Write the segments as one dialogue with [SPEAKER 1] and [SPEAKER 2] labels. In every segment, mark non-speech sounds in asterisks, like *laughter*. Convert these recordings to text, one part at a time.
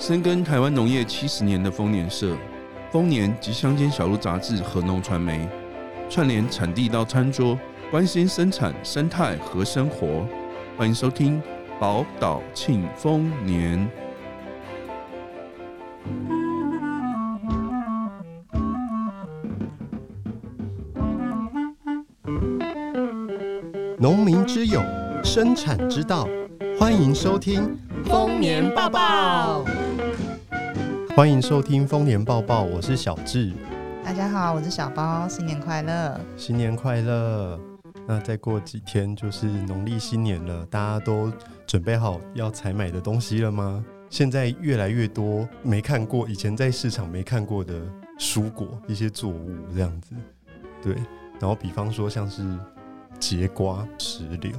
[SPEAKER 1] 深耕台灣農業七十年的豐年社、豐年及鄉間小路雜誌和農傳媒，串聯產地到餐桌，關心生產、生態和生活。歡迎收聽寶島慶豐年。農民之友，生產之道。歡迎收聽。豐年
[SPEAKER 2] 報
[SPEAKER 1] 報，歡迎收聽豐年報報。我是小智。
[SPEAKER 2] 大家好，我是小包，新年快樂！
[SPEAKER 1] 新年快樂！那再過幾天就是農曆新年了，大家都準備好要採買的東西了嗎？現在越來越多沒看過，以前在市場沒看過的蔬果，一些作物這樣子，對。然後，比方說像是節瓜、石榴。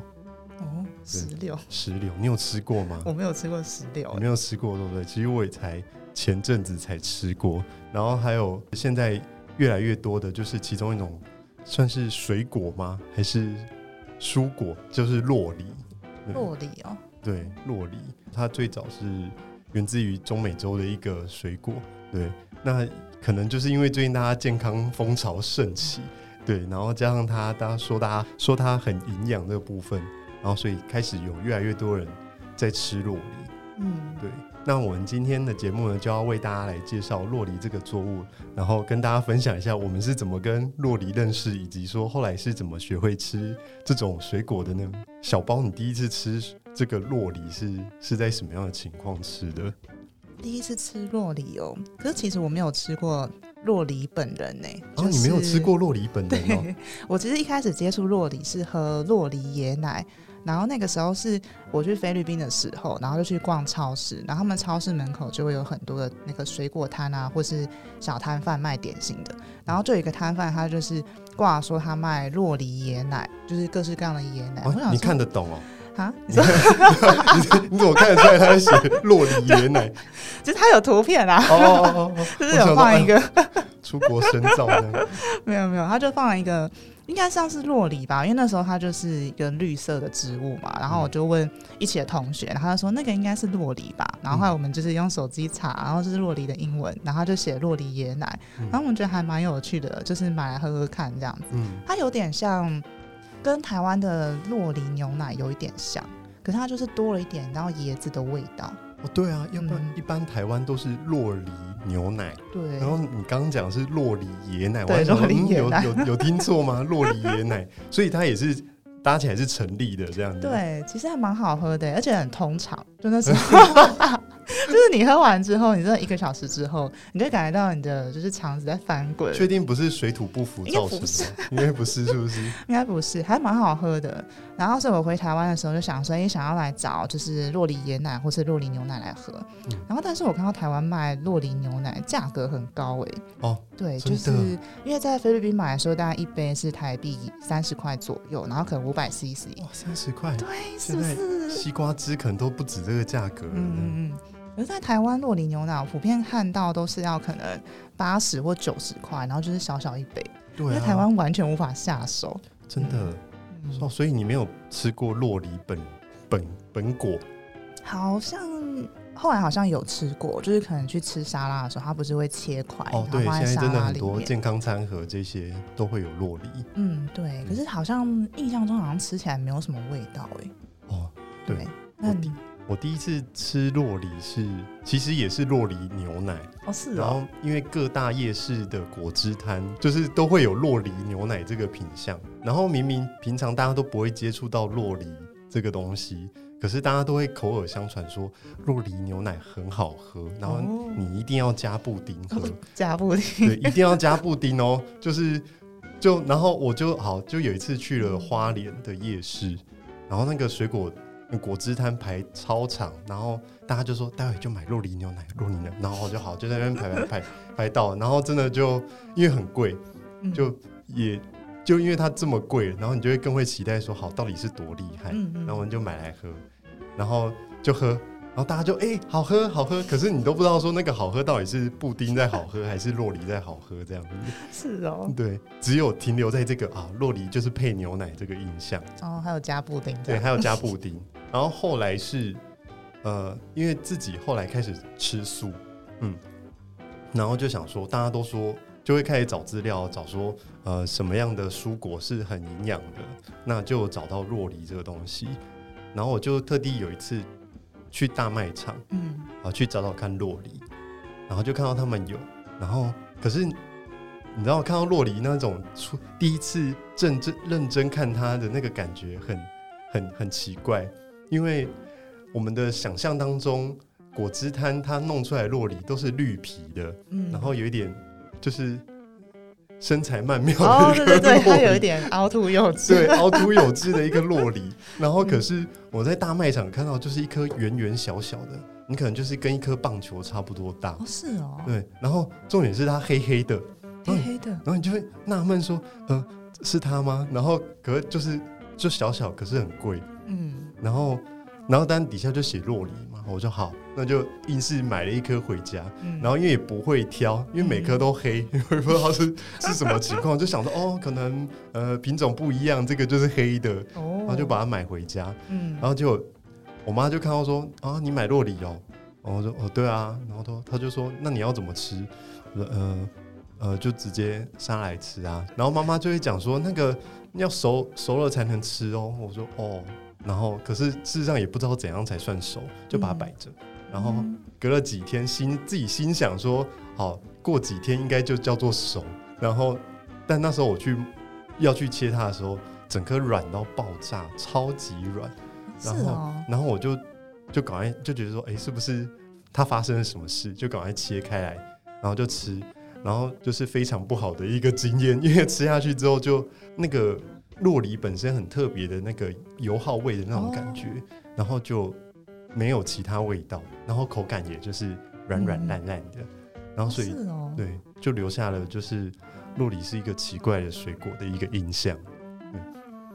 [SPEAKER 1] 對石榴，石榴，你有吃過嗎？我沒有吃過石榴，欸，沒有吃過，對不對？其實我也才前陣子才吃過，然後還有現在越來越多的，就是其中一種算是水果嗎？還是蔬果？就是酪梨，酪梨哦，喔嗯，對，酪梨，它最早是源自於中美洲的一個水果，對。那可能就是因為最近大家健康風潮盛起，嗯、對，然後加上它，大家說，大家說它很營養那個部分。然後，所以開始有越來越多人在吃酪梨。嗯，對。那我們今天的節目呢，就要為大家來介紹酪梨這個作物，然後跟大家分享一下我們是怎麼跟酪梨認識，以及說後來是怎麼學會吃這種水果的呢？小包，你第一次吃這個酪梨是是在什麼樣的情況吃的？
[SPEAKER 2] 第一次吃酪梨哦、喔，可是其實我沒有吃過酪梨本人呢、欸。哦、就是啊，你沒有吃過酪梨本人嗎、喔？我其實一開始接觸酪梨是喝酪梨椰奶。然後那個時候是我去菲律賓的時候，然後就去逛超市，然後他們超市門口就會有很多的那個水果攤啊，或是小攤販賣點心的。然後就有一個攤販，他就是掛說他賣酪梨椰奶，就是各式各樣的椰奶。哦，你看得懂
[SPEAKER 1] 哦？啊？你怎麼看得出來他在寫酪梨椰奶？就
[SPEAKER 2] 是他有圖片啊。哦哦哦，哦 *laughs* 就是放有 一個
[SPEAKER 1] 出國深造的。
[SPEAKER 2] 沒有沒有，他就放了一個。應該像是酪梨吧，因為那時候它就是一個綠色的植物嘛，然後我就問一起的同學，他就說那個應該是酪梨吧，然後後來我們就是用手機查，然後就是酪梨的英文，然後就寫酪梨椰奶，然後我們覺得還蠻有趣的，就是買來喝喝看這樣子，嗯、它有點像跟台灣的酪梨牛奶有一點像，可是它就是多了一點然後椰子的味道。
[SPEAKER 1] 哦、對啊，因為一般台灣都是酪梨牛奶，對、嗯。然後你剛剛講是酪梨椰奶，我酪對梨椰有有有聽錯嗎？酪 *laughs* 梨椰奶，所以它也是搭起來是成立的這樣子。
[SPEAKER 2] 對，其實還蠻好喝的，而且很通腸，真的是。 *laughs* *laughs* 就是你喝完之後，你真的一個小時之後，你就感覺到你的就是腸子在翻滾。確
[SPEAKER 1] 定不是水土不服造成的？應該不是， *laughs* 不是，是不是？應
[SPEAKER 2] 該不是，還蠻好喝的。然後是我回台灣的時候，就想說，也想要來找就是酪梨椰奶或是酪梨牛奶來喝。嗯、然後，但是我看到台灣賣酪梨牛奶價格很高，哎，哦，對，的就是因為在菲律賓買的時候，大概一杯是台幣三十塊左右，然後可能五百 CC，哇，三十塊，對，
[SPEAKER 1] 是不是？西瓜汁可能都不止這個價格嗯。嗯嗯。
[SPEAKER 2] 可是在台灣，酪梨牛奶我普遍看到都是要可能八十或九十塊，然後就是小小一杯，在、啊、台灣完全無法下手。
[SPEAKER 1] 真的，嗯嗯、所以你沒有吃過酪梨本本本果？
[SPEAKER 2] 好像後來好像有吃過，就是可能去吃沙拉的時候，它不是會切塊？哦，對，現在真的很多健
[SPEAKER 1] 康餐盒這些都會有酪梨。
[SPEAKER 2] 嗯，對。可是好像印象中好像吃起來沒有什麼味道。欸，哎。哦，對。對那。
[SPEAKER 1] 我第一次吃酪梨是，其實也是酪梨牛奶哦，是。然後因為各大夜市的果汁攤，就是都會有酪梨牛奶這個品項。然後明明平常大家都不會接觸到酪梨這個東西，可是大家都會口耳相傳說酪梨牛奶很好喝。然後你一定要加布丁喝，加布丁，對，一定要加布丁哦。就是，就然後我就好就有一次去了花蓮的夜市，然後那個水果。果汁攤排超長，然後大家就說，待會就買酪梨牛奶，酪梨牛奶，然後就好，就在那邊排排排 *laughs* 排到，然後真的就因為很貴，就也就因為它這麼貴，然後你就會更會期待說，好到底是多厲害，嗯嗯然後我們就買來喝，然後就喝，然後大家就哎、欸、好喝好喝，可是你都不知道說那個好喝到底是布丁在好喝 *laughs* 還是酪梨在好喝這樣
[SPEAKER 2] 子，是哦，對，
[SPEAKER 1] 只有停留在這個啊酪梨就是配牛奶這個印象，
[SPEAKER 2] 哦，還有加布丁，對，還有加
[SPEAKER 1] 布丁。 *laughs* 然後後來是，呃，因為自己後來開始吃素，嗯，然後就想說，大家都說，就會開始找資料，找說，呃，什麼樣的蔬果是很營養的，那就找到酪梨這個東西。然後我就特地有一次去大賣場，嗯，啊，去找找看酪梨，然後就看到他們有，然後可是你知道看到酪梨那種初，第一次認真認真看他的那個感覺很，很很很奇怪。因為我們的想象當中，果汁攤它弄出來酪梨都是綠皮的，嗯、然後有一點就是身材曼妙的、哦，對對，對，一個梨有點凹凸有致， *laughs* 對凹凸有致的一個酪梨。 *laughs* 然後可是我在大賣場看到，就是一顆圓圓小小的，你可能就是跟一顆棒球差不多大，哦是哦，對。然後重點是它黑黑的，哦、黑黑的，然後你就會納悶說，嗯、呃，是它嗎？然後可就是就小小，可是很貴。嗯，然後，然後，但底下就寫酪梨嘛，我說好，那就硬是買了一顆回家。嗯，然後因為也不會挑，因為每顆都黑，因也、嗯、不知道是 *laughs* 是什麼情況，就想說哦，可能呃品種不一樣，這個就是黑的，哦、然後就把它買回家。嗯，然後結果我媽就看到說啊，你買酪梨哦，然後說哦對啊，然後她她就說那你要怎麼吃？我說呃呃，就直接下來吃啊。然後媽媽就會講說那個要熟熟了才能吃哦。我說哦。然後，可是事實上也不知道怎樣才算熟，就把它擺着。嗯、然後隔了幾天心，心、嗯、自己心想說：“好，過幾天應該就叫做熟。”然後，但那時候我去要去切它的時候，整顆軟到爆炸，超級軟。然後，是哦、然後我就就趕快就覺得說：“誒、欸，是不是它發生了什麼事？”就趕快切開來，然後就吃，然後就是非常不好的一個經驗，因為吃下去之後就那個。酪梨本身很特別的那個油耗味的那種感覺，oh. 然後就沒有其他味道，然後口感也就是軟軟爛爛的，mm. 然後所以是、哦、對就留下了就是酪梨是一個奇怪的水果的一個印象。
[SPEAKER 2] 對，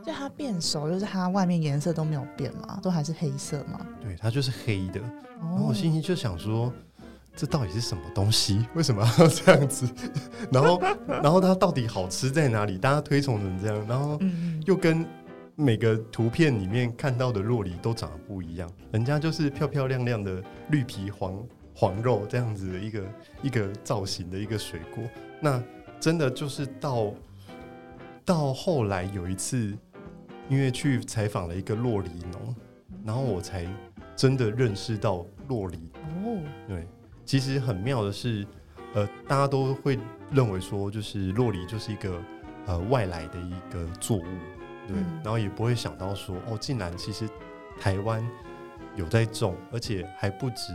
[SPEAKER 2] 就它變熟，就是它外面顏色都沒有變嘛，都還是黑色嘛，
[SPEAKER 1] 對，它就是黑的。
[SPEAKER 2] 然後欣
[SPEAKER 1] 欣就想說。Oh. 嗯這到底是什麼東西？為什麼要這樣子？然後，然後它到底好吃在哪裡？大家推崇成這樣，然後又跟每個圖片裡面看到的酪梨都長得不一樣。人家就是漂漂亮亮的綠皮黃黃肉這樣子的一個一個造型的一個水果。那真的就是到到後來有一次，因為去採訪了一個酪梨農，然後我才真的認識到酪梨。哦，對。其實很妙的是，呃，大家都會認為說，就是酪梨就是一個呃外來的一個作物，對，嗯、然後也不會想到說，哦，竟然其實台灣有在種，而且還不止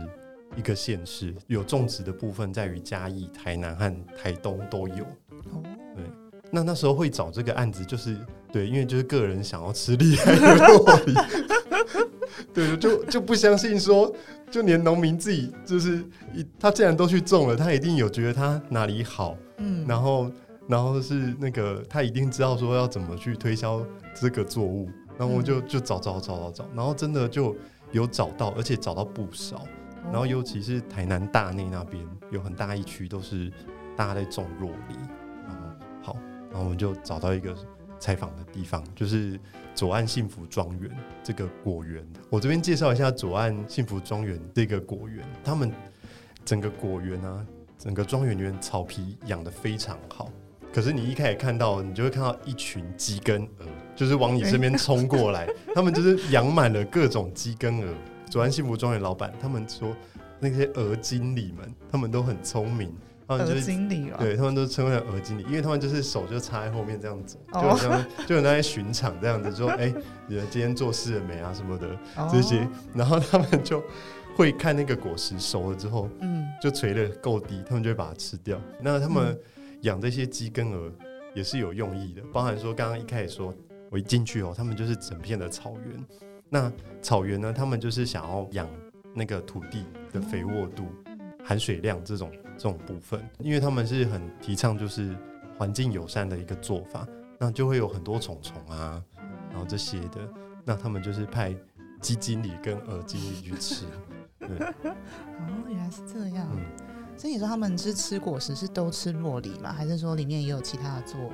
[SPEAKER 1] 一個縣市有種植的部分，在於嘉義、台南和台東都有。對，那那時候會找這個案子，就是對，因為就是個人想要吃厲害的酪梨。 *laughs* 對，就就不相信說， *laughs* 就連農民自己就是一，他既然都去種了，他一定有覺得他哪裡好，嗯，然後然後是那個他一定知道說要怎麼去推銷這個作物，然後我就就找找找找找，然後真的就有找到，而且找到不少，然後尤其是台南大內那邊有很大一區都是大家在種酪梨，然後好，然後我們就找到一個。採訪的地方就是左岸幸福莊園這個果園。我這邊介紹一下左岸幸福莊園這個果園。他們整個果園啊，整個莊園園草皮養得非常好。可是你一開始看到，你就會看到一群雞跟鵝，就是往你身邊衝過來。哎呀，他們就是養滿了各種雞跟鵝。 *laughs* 左岸幸福莊園老闆他們說，那些鵝經理們，他們都很聰明。鵝經理哦，他對他們都稱為鵝經理，因為他們就是手就插在後面，這樣子，就樣就那些巡場這樣子，說哎、欸，你們今天做事了沒啊什麼的這些，然後他們就會看那個果實熟了之後，嗯，就垂得夠低，他們就會把它吃掉。那他們養這些雞跟鵝也是有用意的，包含說剛剛一開始說我一進去哦、喔，他們就是整片的草原，那草原呢，他們就是想要養那個土地的肥沃度。含水量這種這種部分，因為他們是很提倡就是環境友善的一個做法，那就會有很多蟲蟲啊，然後這些的，那他們就是派雞經理跟鵝經理去吃。
[SPEAKER 2] 對哦，原來是這樣。嗯，所以你說他們是吃果實，是都吃酪梨嗎？還是說裡面也有其他的作物？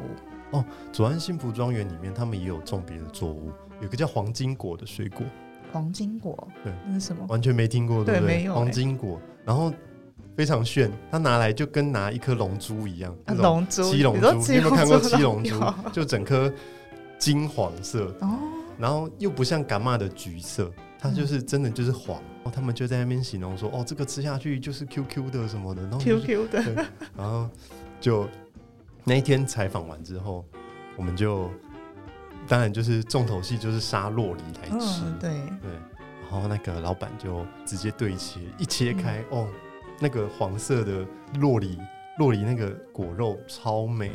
[SPEAKER 1] 哦，左岸幸福莊園裡面他們也有種別的作物，有個叫黃金果的水果。
[SPEAKER 2] 黃金果？對，那是什麼？完全沒聽過，對不對？對、沒有欸、黃
[SPEAKER 1] 金果，然後。非常炫，他拿來就跟拿一顆龍珠一樣，啊龍珠，龍、啊、珠，七龍珠你,七龍珠你有,沒有看過七龍珠？啊、就整顆金黃色，哦、然後又不像甘馬的橘色，它就是真的就是黃。嗯、他們就在那邊形容說：“哦，這個吃下去就是 QQ 的什麼的。”QQ、就是、的對，然後就那一天採訪完之後，我們就當然就是重頭戲就是沙酪梨來吃，哦、對對。然後那個老板就直接對切，一切開、嗯、哦。那個黃色的酪梨，酪梨那個果肉超美，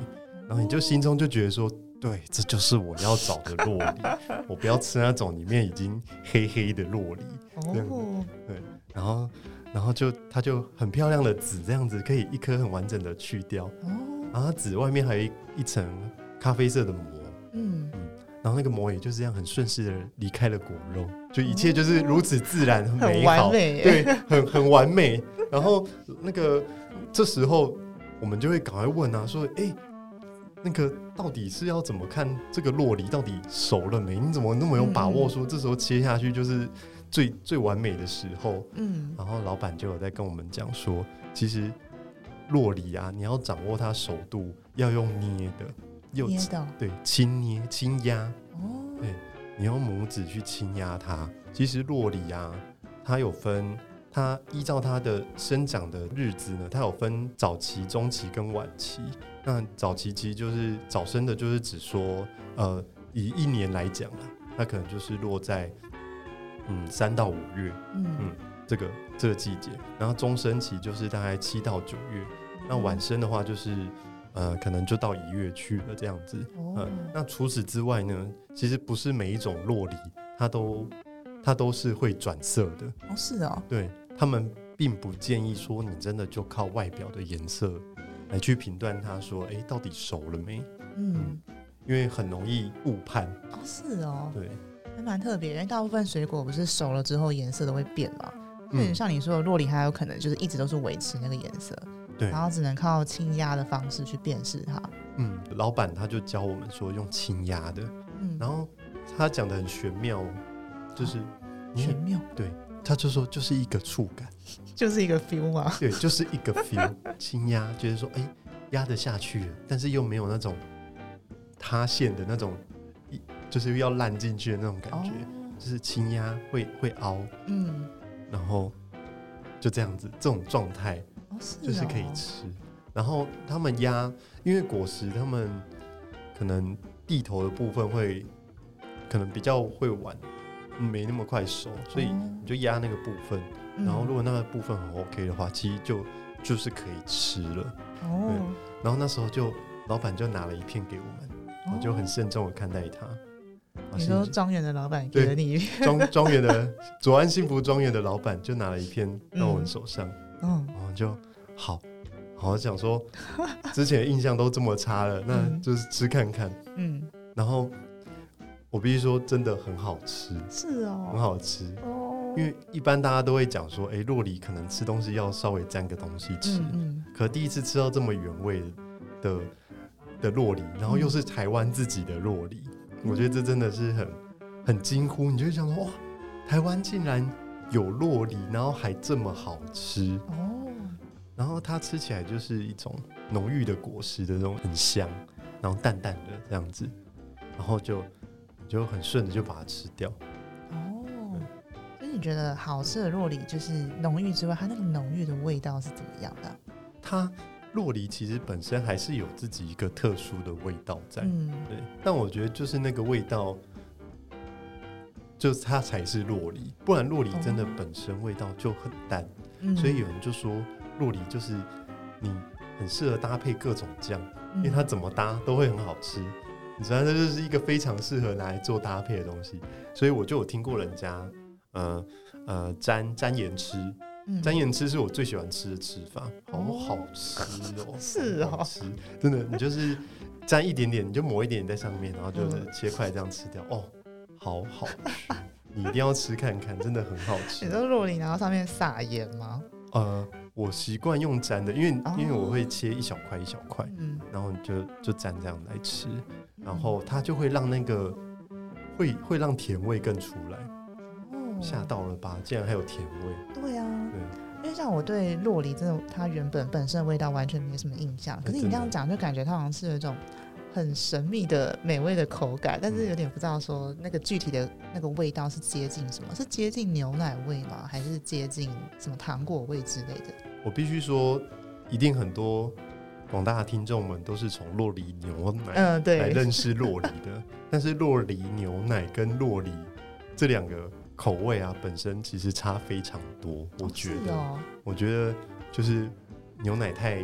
[SPEAKER 1] 然後你就心中就覺得說，哦、對，這就是我要找的酪梨， *laughs* 我不要吃那種裡面已經黑黑的酪梨、哦。對，然後，然後就它就很漂亮的籽這樣子，可以一顆很完整的去掉。哦。然後它籽外面還有一層咖啡色的膜。嗯。然後那個膜也就是這樣很順勢的離開了果肉，就一切就是如此自然、嗯、很美好，美對，很很完美。 *laughs* 然後那個這時候我們就會趕快問啊，說，哎、欸，那個到底是要怎麼看這個酪梨到底熟了沒？你怎麼那麼有把握說這時候切下去就是最、嗯、最完美的時候？嗯，然後老板就有在跟我們講說，其實酪梨啊，你要掌握它熟度要用捏的。又到對，輕捏輕壓，哦、對，你用拇指去輕壓它。其實酪梨啊，它有分，它依照它的生長的日子呢，它有分早期、中期跟晚期。那早期其實就是早生的，就是指說，呃，以一年來講啊，它可能就是落在嗯三到五月，嗯，嗯，這個這個季節。然後中生期就是大概七到九月，那晚生的話就是。嗯呃，可能就到一月去了這樣子。嗯、哦呃，那除此之外呢？其實不是每一種酪梨，它都它都是會轉色的。哦，是哦。對，他們並不建議說你真的就靠外表的顏色來去評斷它說，說、欸、哎，到底熟了沒？嗯，嗯，因為很容易誤判。哦，
[SPEAKER 2] 是哦。對，還蠻特別，因為大部分水果不是熟了之後顏色都會變嘛。嗯。像你說的酪梨它有可能就是一直都是維持那個顏色。然後只能靠輕壓的方式去辨識它。
[SPEAKER 1] 嗯，老闆他就教我們說用輕壓的。嗯，然後他講的很玄妙，就是、啊、玄妙、欸。對，他就說就是一個觸感，就是一個 feel 嘛、啊。對，就是一個 feel。輕壓，就是說哎，壓、欸、得下去了，但是又沒有那種塌陷的那種，一就是要爛進去的那種感覺，哦、就是輕壓會會凹。嗯，然後就這樣子，這種狀態。哦？是哦，就是可以吃，然後他們壓，因為果實他們可能蒂頭的部分會可能比較會晚，沒那麼快熟，所以你就壓那個部分，嗯、然後如果那個部分很 OK 的話，嗯、其實就就是可以吃了。哦，然後那時候就老板就拿了一片給我們，我就很慎重的看待他。哦啊，你說莊園的老板給了你莊莊園的 *laughs* 左安幸福莊園的老板就拿了一片到我們手上。嗯嗯，然後、oh. 就好，好想說，之前印象都這麼差了， *laughs* 那就是吃看看。嗯，然後我必須說，真的很好吃，是哦，很好吃哦。因為一般大家都會講說，哎、欸，酪梨可能吃東西要稍微沾個東西吃，嗯，嗯可第一次吃到這麼原味的的酪梨，然後又是台灣自己的酪梨，嗯、我覺得這真的是很很驚呼，你就會想說哇，台灣竟然。有酪梨，然後還這麼好吃哦，oh. 然後它吃起來就是一種濃郁的果實的那種很香，然後淡淡的這樣子，然後就就很順的就把它吃掉
[SPEAKER 2] 哦。Oh. 對所以你覺得好吃的酪梨，就是濃郁之外，它那個濃郁的味道是怎麼
[SPEAKER 1] 樣的？它酪梨其實本身還是有自己一個特殊的味道在，嗯，oh. 對。但我覺得就是那個味道。就它才是酪梨，不然酪梨真的本身味道就很淡，嗯、所以有人就說酪梨就是你很適合搭配各種醬，嗯、因為它怎麼搭都會很好吃。你知道，這就是一個非常適合拿來做搭配的東西。所以我就有聽過人家，呃呃，沾沾鹽吃，嗯、沾鹽吃是我最喜歡吃的吃法，好、嗯哦、好吃哦，是哦，好吃真的，你就是沾一點點，你就抹一點點在上面，然後就、嗯、切塊這樣吃掉哦。好好吃，你一定要吃看看，真的很好吃。你是
[SPEAKER 2] 酪梨然後上面撒鹽嗎？
[SPEAKER 1] 呃，我習慣用沾的，因為因為我會切一小塊一小塊，嗯，然後就就沾這樣來吃，然後它就會讓那個會會讓甜味更出來。
[SPEAKER 2] 哦，嚇
[SPEAKER 1] 到了吧？竟然還有甜味？對啊，對，
[SPEAKER 2] 因為像我對酪梨，真的它原本本身的味道完全沒什麼印象，可是你這樣講，就感覺它好像是有一種。很神秘的美味的口感，但是有點不知道說那個具體的那個味道是接近什麼？嗯、是接近牛奶味嗎？還是接近什麼糖果味之類的？
[SPEAKER 1] 我必須說，一定很多廣大的聽眾們都是從酪梨牛奶來認識酪梨的，嗯、對、 *laughs* 但是酪梨牛奶跟酪梨這兩個口味啊，本身其實差非常多。哦、我覺得，哦、我覺得就是牛奶太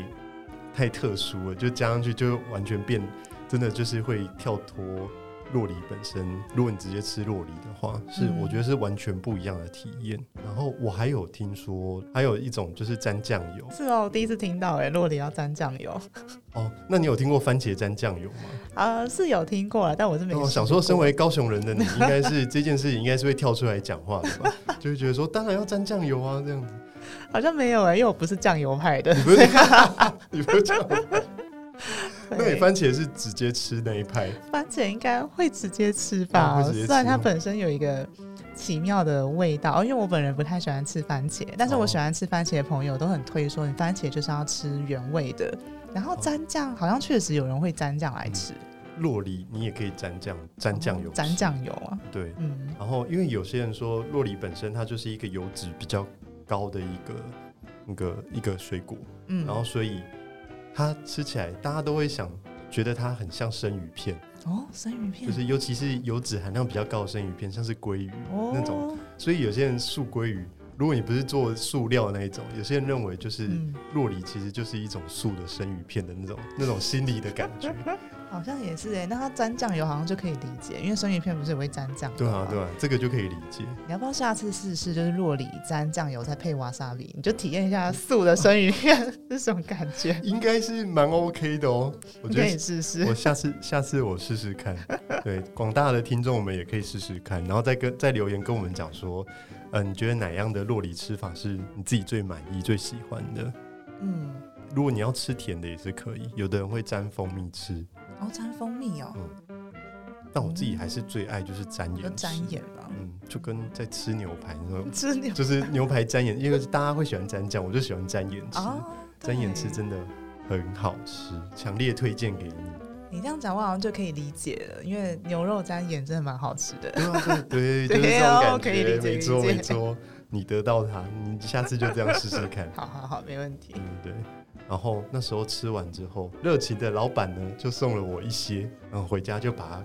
[SPEAKER 1] 太特殊了，就加上去就完全變。真的就是會跳脫酪梨本身，如果你直接吃酪梨的話，是、嗯、我覺得是完全不一樣的體驗。然後我還有聽說，還有一種就是沾醬油。是
[SPEAKER 2] 哦，我第一次聽到哎，酪梨要沾醬油。
[SPEAKER 1] 哦，那你有聽過番茄沾醬油
[SPEAKER 2] 嗎？啊、呃，是有聽過啦，但我是沒有聽過、哦。想說，身為高
[SPEAKER 1] 雄人的你應，應該是這件事情應該是會跳出來講話的吧？
[SPEAKER 2] *laughs* 就會覺得說，當然要沾醬油啊，這樣子。好像沒有哎，因為我不是醬油派的。你不是
[SPEAKER 1] 醬 *laughs* 油對，對番茄是直接吃那一派。
[SPEAKER 2] 番茄應該會直接吃吧，嗯、吃雖然它本身有一個奇妙的味道。嗯哦、因為我本人不太喜歡吃番茄，哦、但是我喜歡吃番茄的朋友都很推說，你番茄就是要吃原味的。然後蘸醬，哦、好像確實有人會蘸醬來吃。
[SPEAKER 1] 酪、嗯、梨，你也可以蘸醬，蘸醬油，蘸醬、嗯、油啊。對，嗯。然後，因為有些人說酪梨本身它就是一個油脂比較高的一個那個一個，一個水果，嗯，然後所以。它吃起來，大家都會想，覺得它很像生魚片
[SPEAKER 2] 哦，生魚片就是，
[SPEAKER 1] 尤其是油脂含量比較高的生魚片，像是鮭魚、哦、那種，所以有些人素鮭魚，如果你不是做素料那一種，有些人認為就是酪梨其實就是一種素的生魚片的那種、嗯、那種心理的感
[SPEAKER 2] 覺。 *laughs* 好像也是哎、欸，那它沾醬油好像就可以理解，因為生魚片不是也會沾醬油？
[SPEAKER 1] 對啊，對啊，這個就可以理解。
[SPEAKER 2] 你要不要下次試試，就是酪梨沾醬油再配瓦莎比，你就體驗一下素的生魚片
[SPEAKER 1] *laughs* *laughs* 是什麼感覺？應該是蠻 OK 的哦、喔，我覺得可以試試。我下次下次我試試看， *laughs* 對廣大的聽眾我們也可以試試看，然後再跟再留言跟我們講說，嗯、呃，你覺得哪樣的酪梨吃法是你自己最滿意、最喜歡的？嗯，如果你要吃甜的也是可以，有的人會沾蜂蜜吃。
[SPEAKER 2] 熬蘸、哦、蜂蜜
[SPEAKER 1] 哦，但、嗯、我自己還是最愛就是沾鹽，要蘸嗯，嗯，就跟在吃牛排那種，吃牛就是牛排沾 *laughs* 鹽，因為大家會喜歡沾醬，我就喜歡沾鹽吃，沾、哦、鹽吃真的很好吃，強烈推薦給你。你
[SPEAKER 2] 這樣講，話好像就可以理解了，因為牛肉沾鹽真的蠻好吃的，對、啊、對，對 *laughs* 對哦、就是這種感覺，可以理解，沒錯
[SPEAKER 1] 錯解你得到它，你下次就這樣試試看。好
[SPEAKER 2] 好好，沒問題。嗯，
[SPEAKER 1] 對。然後那時候吃完之後，熱情的老闆呢，就送了我一些，然後回家就把它，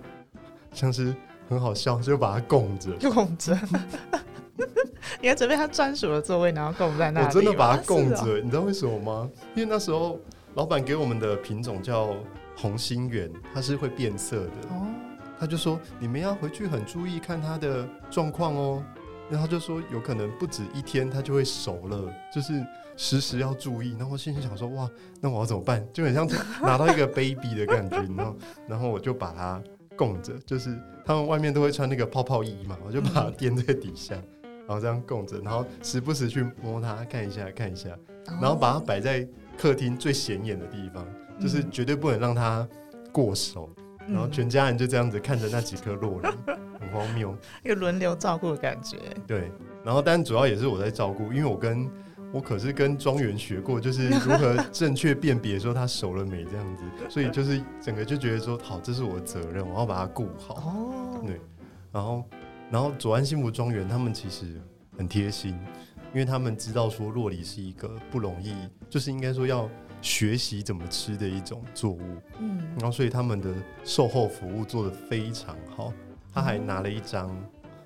[SPEAKER 1] 像是很好笑，就把它供着，
[SPEAKER 2] 供着著。 *laughs* 你還準備他專屬的座位，然後供在那裡。裡。我真的把它供着，
[SPEAKER 1] 喔、你知道為什麼嗎？因為那時候老闆給我們的品種叫紅心圓，它是會變色的。哦、嗯。他就說：“你們要回去很注意看它的狀況哦。”然後就說有可能不止一天，它就會熟了，就是時時要注意。然後我心裡想說：哇，那我要怎麼辦？就很像拿到一個 baby 的感覺。 *laughs* 然後，然後我就把它供着，就是他們外面都會穿那個泡泡衣嘛，我就把它墊在底下， *laughs* 然後這樣供着，然後時不時去摸它，看一下看一下，然後把它擺在客廳最顯眼的地方，哦、就是絕對不能讓它過熟。嗯、然後全家人就這樣子看着那幾顆酪梨。 *laughs* 很荒謬，
[SPEAKER 2] 有輪流照顧的感覺。
[SPEAKER 1] 對，然後，但主要也是我在照顧，因為我跟我可是跟莊園學過，就是如何正確辨別說他熟了沒這樣子， *laughs* 所以就是整個就覺得說，好，這是我的責任，我要把它顧好。哦，對，然後，然後左岸幸福莊園他們其實很貼心，因為他們知道說酪梨是一個不容易，就是應該說要學習怎麼吃的一種作物。嗯，然後所以他們的售後服務做得非常好。他還拿了一張，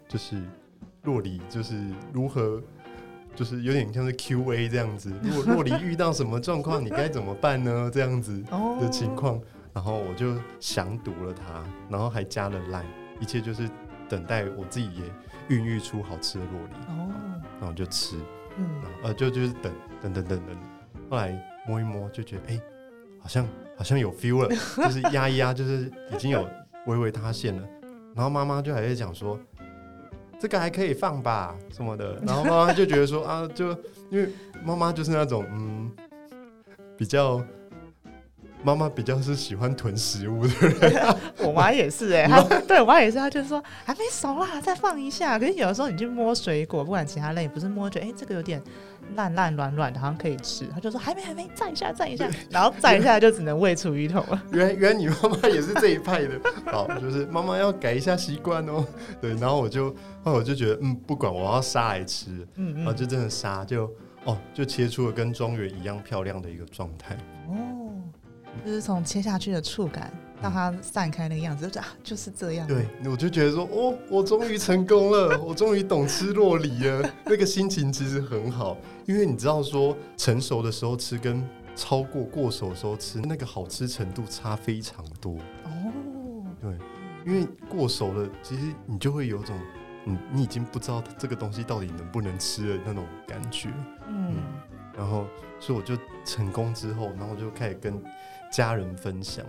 [SPEAKER 1] 就是酪梨，就是如何，就是有點像是 QA 這樣子。如果酪梨遇到什麼狀況，你該怎麼辦呢？這樣子的情況，然後我就詳讀了他，然後還加了 line，一切就是等待我自己也孕育出好吃的酪梨哦，然後,然後我就吃，嗯，呃，就就是等等等等等，後來摸一摸就覺得哎、欸，好像好像有 feel 了，就是壓一壓，就是已經有微微塌陷了。然後媽媽就還在講說，這個還可以放吧什麼的，然後媽媽就覺得說 *laughs* 啊，就因為媽媽就是那種嗯，比較。媽媽比較是喜歡囤食物的人， *laughs* 我媽也是哎，
[SPEAKER 2] 對，我媽也是，她就說還沒熟啦，再放一下。可是有的時候你去摸水果，不管其他類，不是摸着哎、欸，這個有點爛爛軟軟的，好像可以吃，她就說還沒還沒，站一下站一下，對
[SPEAKER 1] 然後站一下就只能餵廚餘桶了。原原，原來原來你媽媽也是這一派的， *laughs* 好，就是媽媽要改一下習慣哦。對，然後我就後來我就覺得嗯，不管我要殺來吃，然後就真的殺，就哦，就切出了跟莊園一樣漂亮的一個狀態哦。
[SPEAKER 2] 就是從切下去的觸感到它散開那個樣子，就覺得就是這樣，嗯。對，
[SPEAKER 1] 我就覺得說，哦，我終於成功了， *laughs* 我終於懂吃酪梨了。 *laughs* 那個心情其實很好，因為你知道說，成熟的時候吃跟超過過熟的時候吃，那個好吃程度差非常多。哦，對，因為過熟了，其實你就會有一種，你你已經不知道這個東西到底能不能吃的那種感覺。嗯。嗯然後，所以我就成功之後，然後就開始跟家人分享。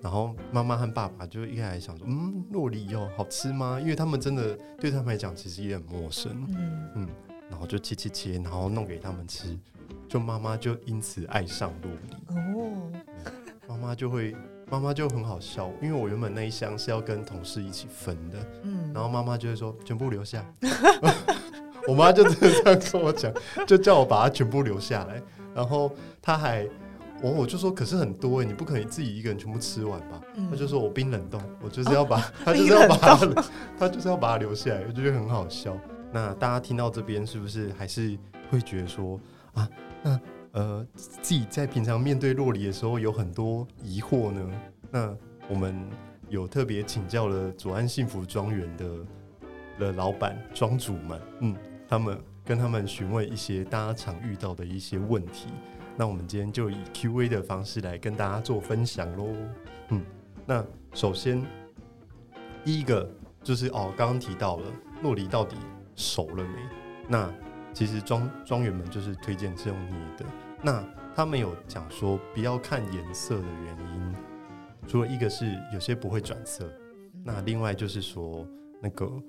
[SPEAKER 1] 然後媽媽和爸爸就一開始想說：“嗯，酪梨喲、哦，好吃嗎？”因為他們真的對他們來講，其實也很陌生。嗯，嗯，然後就切切切，然後弄給他們吃。就媽媽就因此愛上酪梨。
[SPEAKER 2] 哦、嗯，
[SPEAKER 1] 媽媽就會，媽媽就很好笑，因為我原本那一箱是要跟同事一起分的。嗯，然後媽媽就會說：“全部留下。” *laughs* *laughs* *laughs* 我媽就真的這樣跟我講，就叫我把它全部留下來。然後她還我、喔、我就說，可是很多、欸，你不可以自己一個人全部吃完吧？她就說我冰冷凍，我就是要把她，就是要把她，她就是要把它留下來，我就覺得很好笑。那大家聽到這邊是不是還是會覺得說啊，那呃自己在平常面對酪梨的時候有很多疑惑呢？那我們有特別請教了左岸幸福莊園的的老闆莊主們，嗯。他們跟他們詢問一些大家常遇到的一些問題，那我們今天就以 Q&A 的方式來跟大家做分享嘍。嗯，那首先第一個就是哦，剛剛提到了酪梨到底熟了沒？那其實莊莊園們就是推薦是用捏的。那他們有講說不要看顏色的原因，除了一個是有些不會轉色，那另外就是說那個。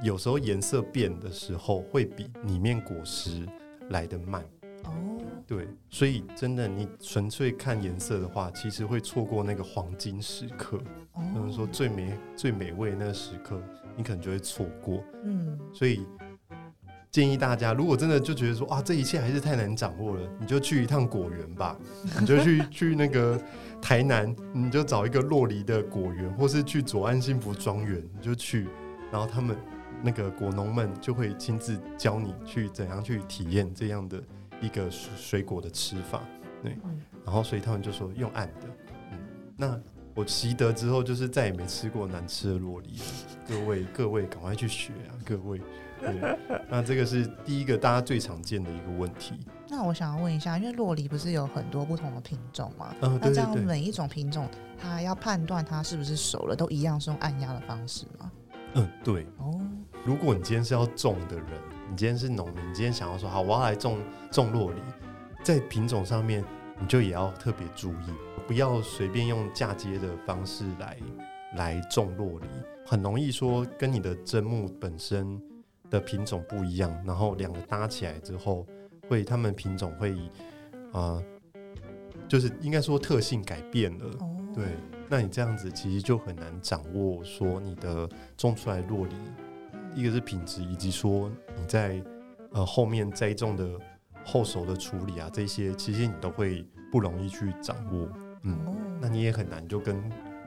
[SPEAKER 1] 有時候顏色變的時候，會比裡面果實來得慢。哦，oh. 對，所以真的，你純粹看顏色的話，其實會錯過那個黃金時刻。他們、oh. 說最美、最美味的那個時刻，你可能就會錯過。嗯，oh. 所以建議大家，如果真的就覺得說啊，這一切還是太難掌握了，你就去一趟果園吧。你就去去那個台南，你就找一個酪梨的果園，或是去左岸幸福莊園，你就去，然後他們。那個果農們就會親自教你去怎樣去體驗這樣的一個水果的吃法，對，嗯、然後所以他們就說用按的，嗯，那我習得之後就是再也沒吃過難吃的酪梨， *laughs* 各位各位趕快去學啊，各位對。那這個是第一個大家最常見的一個問題。
[SPEAKER 2] 那我想要問一下，因為酪梨不是有很多不同的品種嗎？嗯，對對對。每一種品種，對對對，它要判斷它是不是熟了，都一樣是用按壓的方式嗎？
[SPEAKER 1] 嗯，對。Oh. 如果你今天是要種的人，你今天是農民，你今天想要說好，我要來種種酪梨，在品種上面，你就也要特別注意，不要隨便用嫁接的方式來來種酪梨，很容易說跟你的砧木本身的品種不一樣，然後兩個搭起來之後，會他們品種會啊、呃，就是應該說特性改變了，oh. 對。那你這樣子其實就很難掌握說你的種出來酪梨，一個是品質，以及說你在呃後面栽種的後熟的處理啊，這些其實你都會不容易去掌握，嗯，哦、那你也很難就跟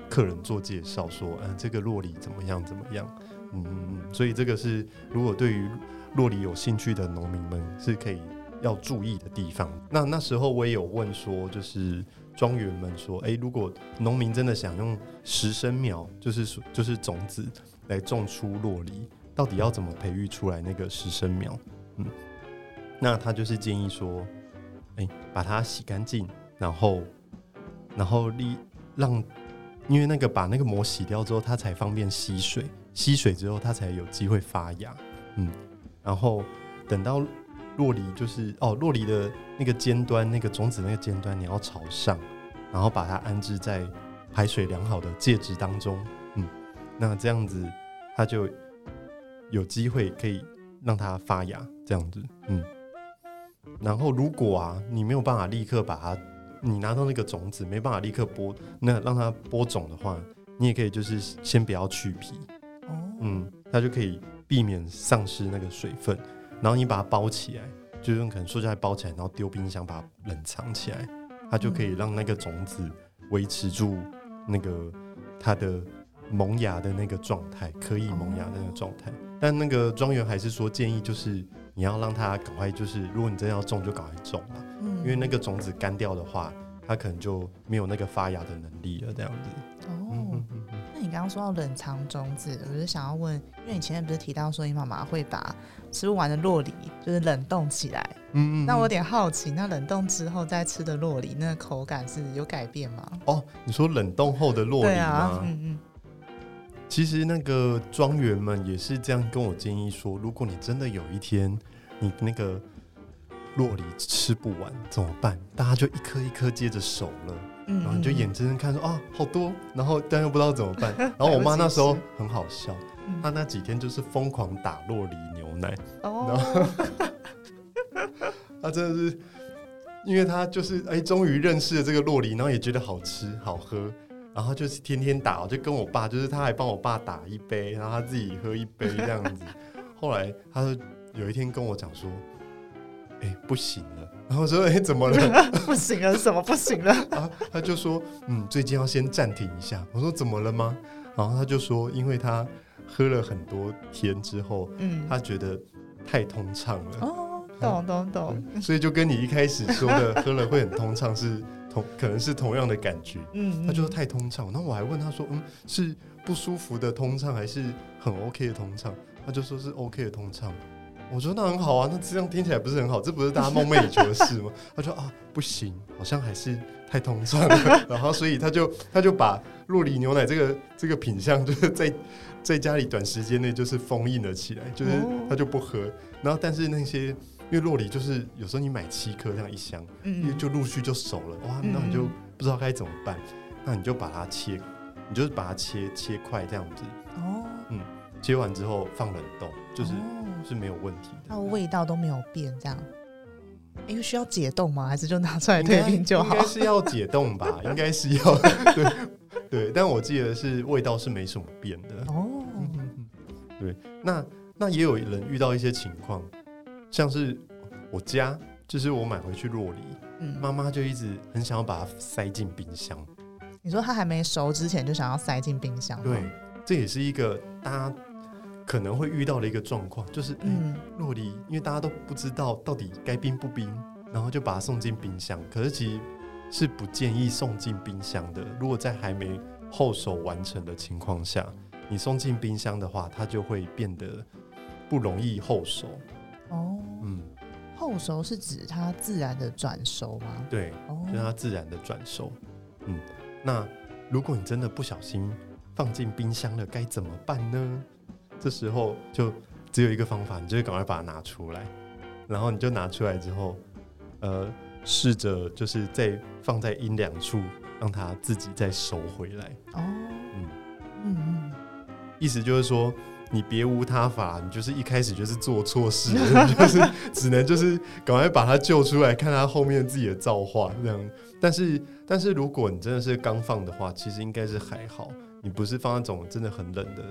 [SPEAKER 1] 客人做介紹說，嗯、呃，這個酪梨怎麼樣怎麼樣，嗯嗯嗯，所以這個是如果對於酪梨有興趣的農民們是可以。要注意的地方。那那時候我也有問說，就是莊園們說，誒、欸，如果農民真的想用實生苗，就是就是種子來種出酪梨，到底要怎麼培育出來那個實生苗？嗯，那他就是建議說，誒、欸，把它洗乾淨，然後，然後立讓，因為那個把那個膜洗掉之後，它才方便吸水，吸水之後它才有機會發芽。嗯，然後等到。酪梨就是哦，酪梨的那個尖端，那個種子那個尖端，你要朝上，然後把它安置在排水良好的介質當中，嗯，那這樣子它就有機會可以讓它發芽，這樣子，嗯。然後如果啊，你沒有辦法立刻把它，你拿到那個種子沒辦法立刻播，那讓它播種的話，你也可以就是先不要去皮，哦，嗯，它就可以避免喪失那個水分。然後你把它包起來，就是用可能塑膠袋包起來，然後丟冰箱把它冷藏起來，它就可以讓那個種子維持住那個它的萌芽的那個狀態，可以萌芽的那個狀態。哦、但那個莊園還是說建議，就是你要讓它趕快，就是如果你真的要種，就趕快種了，嗯、因為那個種子乾掉的話，它可能就沒有那個發芽的能力了，這樣子。哦。嗯嗯
[SPEAKER 2] 你剛剛說到冷藏種子，我就想要問，因為你前面不是提到說你媽媽會把吃不完的酪梨就是冷凍起來，嗯、嗯嗯，那我有點好奇，那冷凍之後再吃的酪梨，那個口感是有改變嗎？
[SPEAKER 1] 哦，你說冷凍後的酪梨嗎？對啊，嗯嗯，其實那個莊園們也是這樣跟我建議說，如果你真的有一天你那個酪梨吃不完怎麼辦？大家就一顆一顆接着熟了。然後你就眼睜睜看着啊、哦，好多，然後但又不知道怎麼辦。然後我媽那時候很好笑，她 *laughs* 那幾天就是瘋狂打酪梨牛奶，嗯、然後她 *laughs* 真的是，因為她就是哎，終於認識了這個酪梨，然後也覺得好吃好喝，然後就是天天打，就跟我爸，就是她還幫我爸打一杯，然後她自己喝一杯這樣子。 *laughs* 後來她有一天跟我講說，欸、不行了。然後我說：“欸、怎麼了，不
[SPEAKER 2] 了麼？不行了，什麼不行了？”
[SPEAKER 1] 他就說：“嗯，最近要先暫停一下。”我說：“怎麼了嗎？”然後他就說：“因為他喝了很多天之後，嗯，他覺得太通暢了。”
[SPEAKER 2] 哦，懂懂懂、嗯。
[SPEAKER 1] 所以就跟你一開始說的，喝了會很通暢，是同 *laughs* 可能是同樣的感覺。嗯，嗯，他就說太通暢。然後我還問他說：“嗯，是不舒服的通暢，還是很 OK 的通暢？”他就說是 OK 的通暢。我說那很好啊，那這樣聽起來不是很好，這不是大家夢寐以求的事嗎？ *laughs* 他說啊，不行，好像還是太通透了。 *laughs* 然後所以他就他就把酪梨牛奶這個這個品項就是在在家裡短時間內就是封印了起來，就是他就不喝。哦、然後但是那些因為酪梨就是有時候你買七顆這樣一箱，因、嗯嗯、就陸續就熟了哇，那你就不知道該怎麼辦，嗯嗯那你就把它切，你就是把它切切塊這樣子。切完之後放冷凍，就是是沒有問題
[SPEAKER 2] 的、哦，它的味道都沒有變。這樣，為、欸、需要解凍嗎？還是
[SPEAKER 1] 就拿出來退冰就好？應該是要解凍吧？ *laughs* 應該是要，對，對但我記得是味道是沒什麼變的哦。對，那那也有人遇到一些情況，像是我家，就是我買回去酪梨，媽媽、嗯、就一直很想要把它塞進冰箱。
[SPEAKER 2] 你說他還沒熟之前就想要塞進冰箱？對，
[SPEAKER 1] 這也是一個大家。可能會遇到的一個狀況，就是，欸嗯、酪梨，因為大家都不知道到底該冰不冰，然後就把它送進冰箱。可是其實是不建議送進冰箱的。如果在還沒後熟完成的情況下，你送進冰箱的話，它就會變得不容易後熟哦，嗯，
[SPEAKER 2] 後熟是指它自然的轉
[SPEAKER 1] 熟嗎？對，讓它自然的轉熟。哦、嗯，那如果你真的不小心放進冰箱了，該怎麼辦呢？這時候就只有一個方法，你就是趕快把它拿出來，然後你就拿出來之後，呃，試着就是再放在陰涼處，讓它自己再收回來。哦，嗯嗯嗯，意思就是說你別無他法，你就是一開始就是做錯事， *laughs* 就是只能就是趕快把它救出來，看它後面自己的造化。這樣，但是但是如果你真的是剛放的話，其實應該是還好，你不是放那種真的很冷的。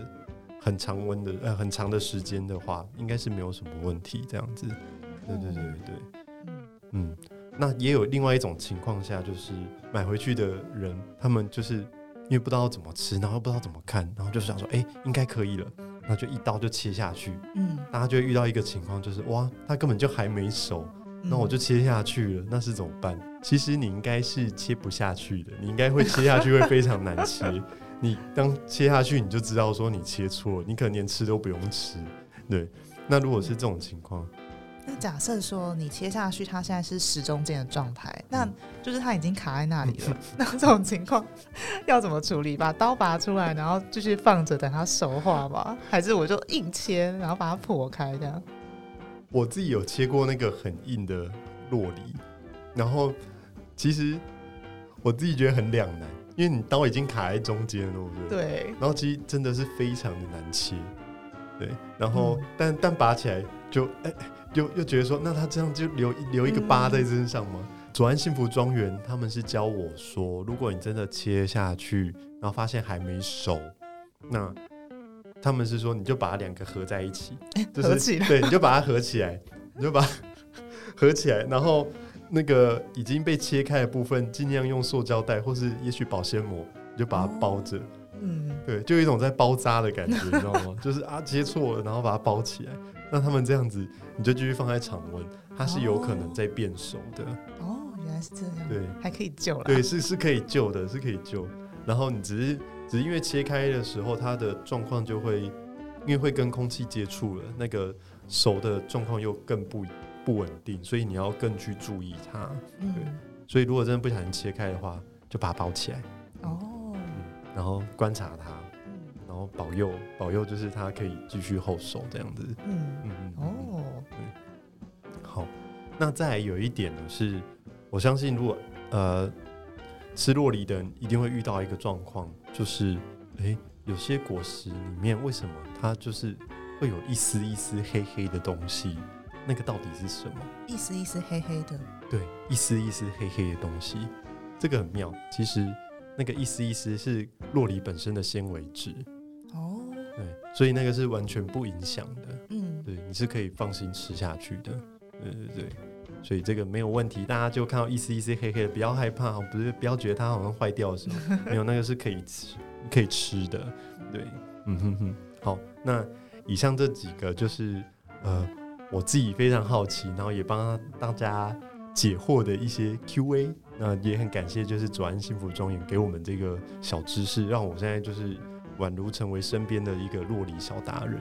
[SPEAKER 1] 很常溫的呃，很長的時間的話，應該是沒有什麼問題。這樣子，對對對對，嗯，那也有另外一種情況下，就是買回去的人，他們就是因為不知道怎麼吃，然後又不知道怎麼看，然後就想說，誒、欸，應該可以了，那就一刀就切下去。嗯，大家就會遇到一個情況，就是哇，它根本就還沒熟，那我就切下去了，那是怎麼辦？其實你應該是切不下去的，你應該會切下去會非常難吃。 *laughs* 你當切下去，你就知道說你切錯了，你可能連吃都不用吃。對，那如果是這種情況、
[SPEAKER 2] 嗯，那假設說你切下去，它現在是十中間的狀態，嗯、那就是它已經卡在那裡了。 *laughs* 那這種情況要怎麼處理？把刀拔出來，然後繼續放着等它熟化吧？ *laughs* 還是我就硬切，然後把它破開？這樣？
[SPEAKER 1] 我自己有切過那個很硬的酪梨，然後其實我自己覺得很兩難。因為你刀已經卡在中間了，對不對？對。然後其實真的是非常的難切，對。然後，嗯、但但拔起來就誒、欸，又又覺得說，那他這樣就留留一個疤在身上嗎？左、嗯、安幸福莊園他們是教我說，如果你真的切下去，然後發現還沒熟，那他們是說你就把它兩個合在一起，就是、合起來，對，你就把它合起來， *laughs* 你就把他合起來，然後。那個已經被切開的部分，盡量用塑膠袋或是也許保鮮膜，你就把它包着。哦。嗯，對，就有一種在包紮的感覺， *laughs* 你知道嗎？就是啊，切錯了，然後把它包起來，那他們這樣子，你就繼續放在常溫，它是有可能在變熟的。哦，
[SPEAKER 2] 哦，原來是這樣。對，還可以救了。對，
[SPEAKER 1] 是是可以救的，是可以救。然後你只是只是因為切開的時候，它的狀況就會因為會跟空氣接觸了，那個熟的狀況又更不一樣。不穩定，所以你要更去注意它。對，嗯、所以如果真的不小心切開的話，就把它包起來。
[SPEAKER 2] 哦，
[SPEAKER 1] 嗯，然後觀察它，嗯、然後保佑保佑，就是它可以繼續後熟這樣子。嗯嗯
[SPEAKER 2] 嗯，嗯，嗯嗯
[SPEAKER 1] 嗯。哦，好。那再來有一點呢，是我相信，如果呃吃酪梨的人一定會遇到一個狀況，就是誒、欸，有些果實裡面為什麼它就是會有一絲一絲黑黑的東西？那個到底是什麼？
[SPEAKER 2] 一絲一絲黑黑的，
[SPEAKER 1] 對，一絲一絲黑黑的東西，這個很妙。其實那個一絲一絲是酪梨本身的纖維質哦，對，所以那個是完全不影響的，嗯，對，你是可以放心吃下去的，對對對，所以這個沒有問題。大家就看到一絲一絲黑黑的，不要害怕，不是不要覺得它好像壞掉什麼， *laughs* 沒有，那個是可以吃可以吃的，對，嗯哼哼，好，那以上這幾個就是呃。我自己非常好奇，然後也幫大家解惑的一些 Q&A，那也很感謝，就是左安幸福莊園給我們這個小知識，讓我現在就是宛如成為身邊的一個酪梨小達人，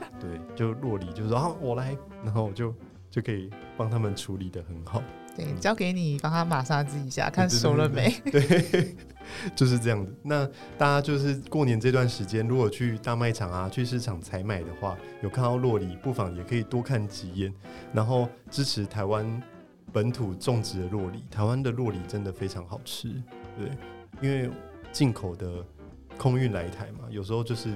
[SPEAKER 1] *laughs* 對，就酪梨就是啊，我來，然後我就就可以幫他們處理得很好。
[SPEAKER 2] 對，交給你幫他馬上治一下，看熟了沒？對
[SPEAKER 1] 對對對，對， *laughs* 就是這樣子。那大家就是過年這段時間，如果去大賣場啊、去市場採買的話，有看到酪梨，不妨也可以多看幾眼，然後支持台灣本土種植的酪梨。台灣的酪梨真的非常好吃。對，因為進口的空運來台嘛，有時候就是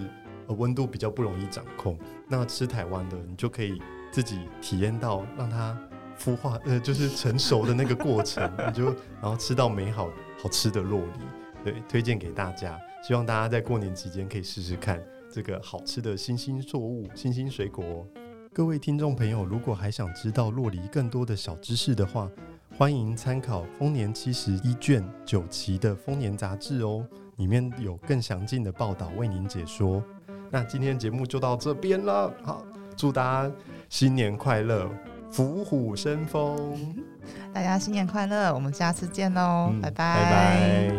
[SPEAKER 1] 呃溫度比較不容易掌控。那吃台灣的，你就可以自己體驗到，讓它。孵化呃，就是成熟的那個過程，你 *laughs* 就然後吃到美好好吃的酪梨，對，推薦給大家，希望大家在過年期間可以試試看這個好吃的新興作物、新興水果。 *music* 各位聽眾朋友，如果還想知道酪梨更多的小知識的話，歡迎參考《豐年七十一卷九期》的《豐年》雜誌哦，裡面有更詳盡的報道為您解說。 *music* 那今天節目就到這邊了，好，祝大家新年快樂！虎虎生風，
[SPEAKER 2] 大家新年快樂！我們下次見嘍，嗯、拜拜！拜拜。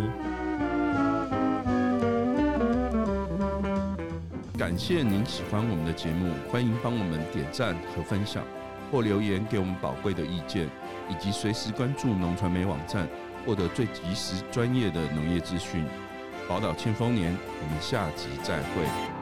[SPEAKER 1] 感謝您喜歡我們的節目，歡迎幫我們點讚和分享，或留言給我們寶貴的意見，以及隨時關注農傳媒網站，獲得最及時專業的農業資訊。寶島慶豐年，我們下集再會。